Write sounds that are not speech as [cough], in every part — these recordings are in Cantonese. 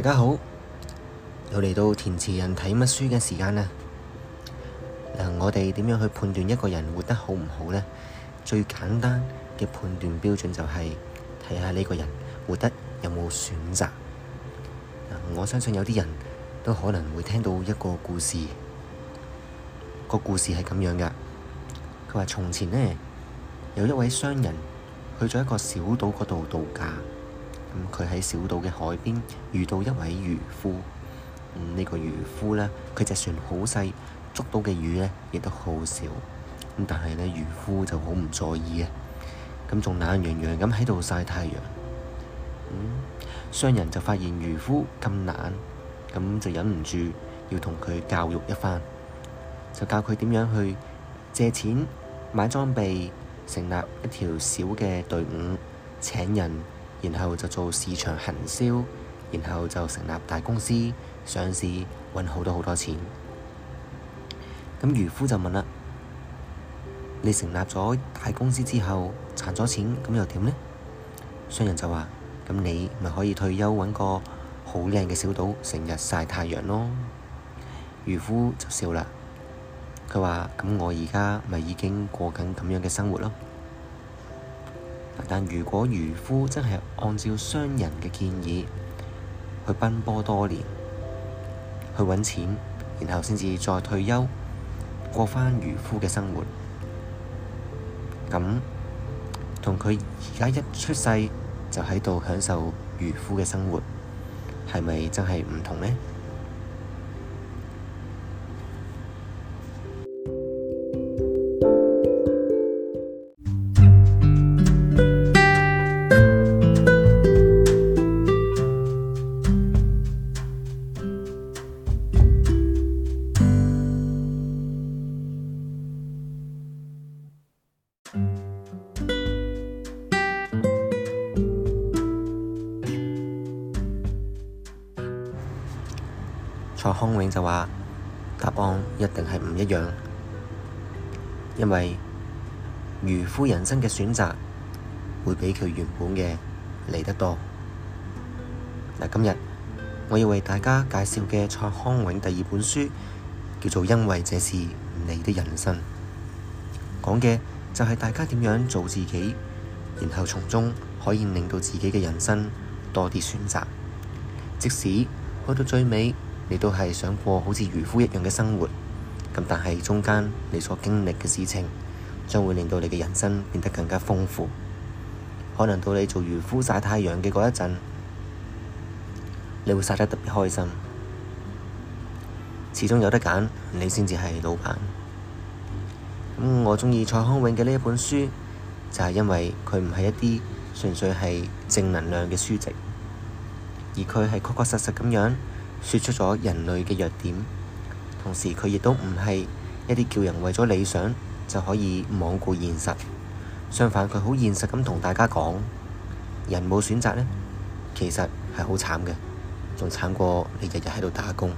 大家好，又嚟到填詞人睇乜書嘅時間啦。嗱，嗯，我哋點樣去判斷一個人活得好唔好咧？最簡單嘅判斷標準就係睇下呢個人活得有冇選擇。嗯，我相信有啲人都可能會聽到一個故事，個故事係咁樣噶。佢話從前呢，有一位商人去咗一個小島嗰度度假。咁佢喺小島嘅海邊遇到一位漁夫。咁、嗯、呢個漁夫呢，佢隻船好細，捉到嘅魚呢亦都好少。咁、嗯、但係呢，漁夫就好唔在意啊。咁仲懶洋洋咁喺度曬太陽。嗯、商人就發現漁夫咁懶，咁、嗯、就忍唔住要同佢教育一番，就教佢點樣去借錢買裝備，成立一條小嘅隊伍，請人。然後就做市場行銷，然後就成立大公司，上市揾好多好多錢。咁漁夫就問啦：你成立咗大公司之後賺咗錢，咁又點呢？商人就話：咁你咪可以退休揾個好靚嘅小島，成日曬太陽咯。漁夫就笑啦，佢話：咁我而家咪已經過緊咁樣嘅生活咯。但如果漁夫真係按照商人嘅建議去奔波多年，去揾錢，然後先至再退休過返漁夫嘅生活，咁同佢而家一出世就喺度享受漁夫嘅生活，係咪真係唔同呢？蔡康永就話：答案一定係唔一樣，因為漁夫人生嘅選擇會比佢原本嘅嚟得多。嗱，今日我要為大家介紹嘅蔡康永第二本書叫做《因為這是你的人生》，講嘅就係大家點樣做自己，然後從中可以令到自己嘅人生多啲選擇，即使去到最尾。你都係想過好似漁夫一樣嘅生活，咁但係中間你所經歷嘅事情，將會令到你嘅人生變得更加豐富。可能到你做漁夫曬太陽嘅嗰一陣，你會曬得特別開心。始終有得揀，你先至係老闆。咁、嗯、我鍾意蔡康永嘅呢一本書，就係、是、因為佢唔係一啲純粹係正能量嘅書籍，而佢係確確實實咁樣。說出咗人類嘅弱點，同時佢亦都唔係一啲叫人為咗理想就可以罔顧現實。相反，佢好現實咁同大家講：人冇選擇呢，其實係好慘嘅，仲慘過你日日喺度打工。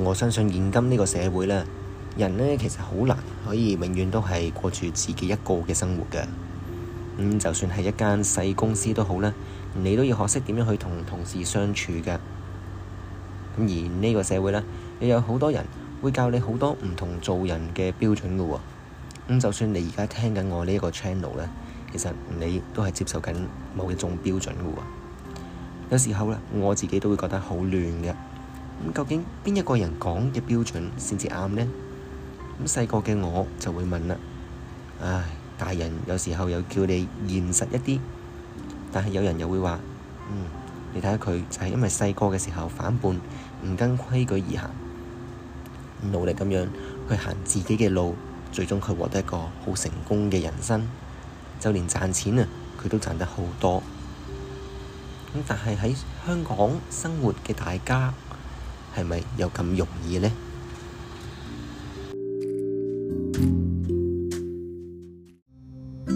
我相信現今呢個社會，呢人呢，其實好難可以永遠都係過住自己一個嘅生活嘅。咁、嗯、就算係一間細公司都好啦，你都要學識點樣去同同事相處嘅。咁而呢個社會呢，又有好多人會教你好多唔同做人嘅標準嘅喎、哦。咁、嗯、就算你而家聽緊我頻道呢一個 channel 呢，其實你都係接受緊某一種標準嘅喎。有時候呢，我自己都會覺得好亂嘅。咁究竟邊一個人講嘅標準先至啱呢？咁細個嘅我就會問啦。唉，大人有時候又叫你現實一啲，但係有人又會話：嗯，你睇下佢就係因為細個嘅時候反叛，唔跟規矩而行，努力咁樣去行自己嘅路，最終佢獲得一個好成功嘅人生。就連賺錢啊，佢都賺得好多。咁但係喺香港生活嘅大家。係咪有咁容易呢？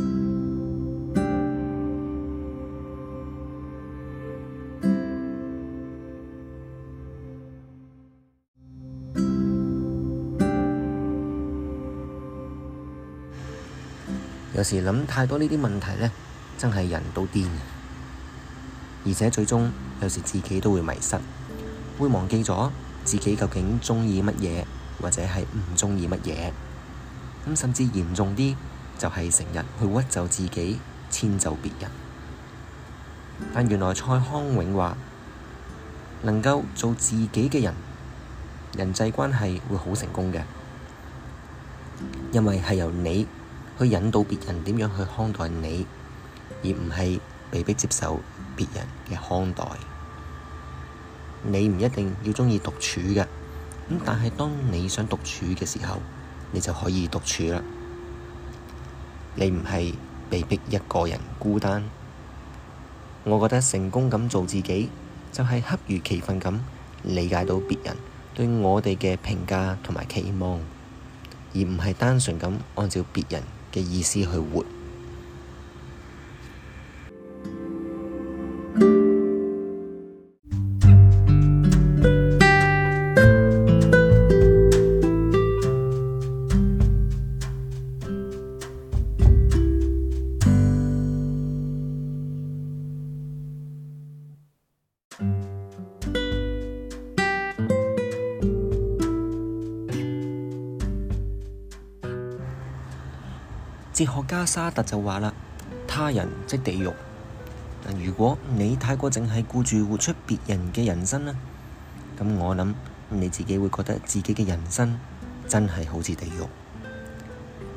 [music] 有時諗太多呢啲問題呢，真係人都癲，而且最終有時自己都會迷失。會忘記咗自己究竟鍾意乜嘢，或者係唔鍾意乜嘢。咁甚至嚴重啲，就係成日去屈就自己，遷就別人。但原來蔡康永話，能夠做自己嘅人，人際關係會好成功嘅，因為係由你去引導別人點樣去看待你，而唔係被迫接受別人嘅看待。你唔一定要鍾意獨處嘅，但係當你想獨處嘅時候，你就可以獨處啦。你唔係被逼一個人孤單。我覺得成功咁做自己，就係恰如其分咁理解到別人對我哋嘅評價同埋期望，而唔係單純咁按照別人嘅意思去活。哲學家沙特就話啦：他人即地獄。但如果你太過淨係顧住活出別人嘅人生呢，咁我諗你自己會覺得自己嘅人生真係好似地獄。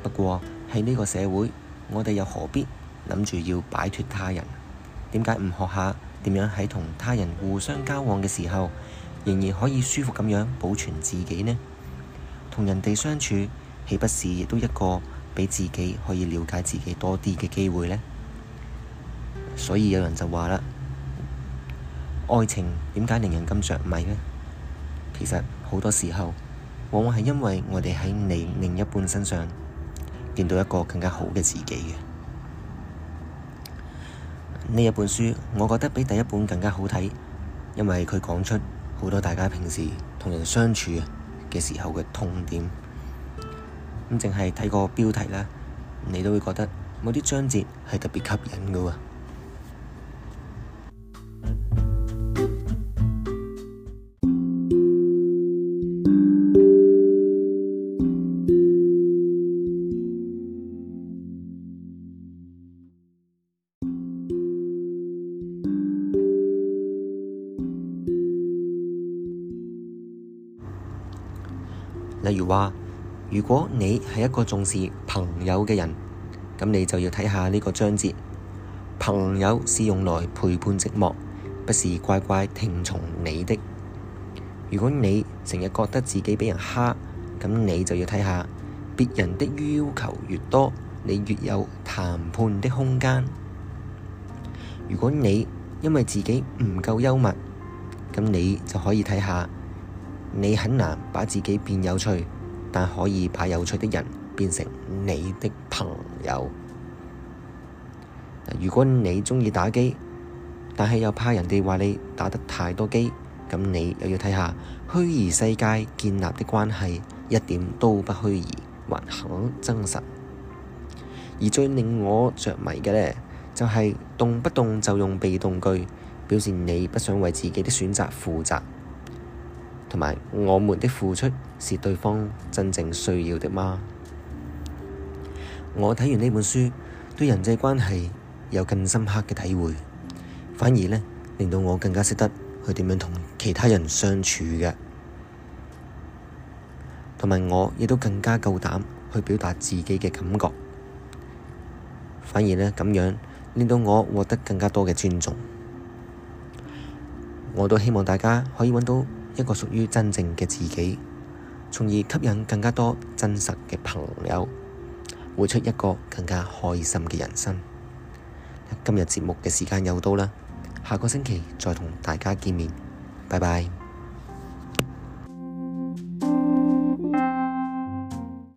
不過喺呢個社會，我哋又何必諗住要擺脫他人？點解唔學下點樣喺同他人互相交往嘅時候，仍然可以舒服咁樣保存自己呢？同人哋相處，豈不是亦都一個？俾自己可以了解自己多啲嘅機會呢。所以有人就話啦，愛情點解令人咁着迷呢？其實好多時候，往往係因為我哋喺你另一半身上見到一個更加好嘅自己嘅。呢一本書，我覺得比第一本更加好睇，因為佢講出好多大家平時同人相處嘅時候嘅痛點。咁淨係睇個標題啦，你都會覺得某啲章節係特別吸引嘅喎。 [music] 例如話。如果你係一個重視朋友嘅人，咁你就要睇下呢個章節。朋友是用來陪伴寂寞，不是乖乖聽從你的。如果你成日覺得自己俾人蝦，咁你就要睇下別人的要求越多，你越有談判的空間。如果你因為自己唔夠幽默，咁你就可以睇下你很難把自己變有趣。但可以把有趣的人變成你的朋友。如果你鍾意打機，但係又怕人哋話你打得太多機，咁你又要睇下虛擬世界建立的關係，一點都不虛擬，還很真實。而最令我着迷嘅呢，就係、是、動不動就用被動句，表示你不想為自己的選擇負責。同埋，我們的付出是對方真正需要的嗎？我睇完呢本書，對人際關係有更深刻嘅體會，反而呢令到我更加識得去點樣同其他人相處嘅，同埋我亦都更加夠膽，膽去表達自己嘅感覺，反而呢，咁樣令到我獲得更加多嘅尊重。我都希望大家可以揾到。一個屬於真正嘅自己，從而吸引更加多真實嘅朋友，活出一個更加開心嘅人生。今日節目嘅時間又到啦，下個星期再同大家見面，拜拜。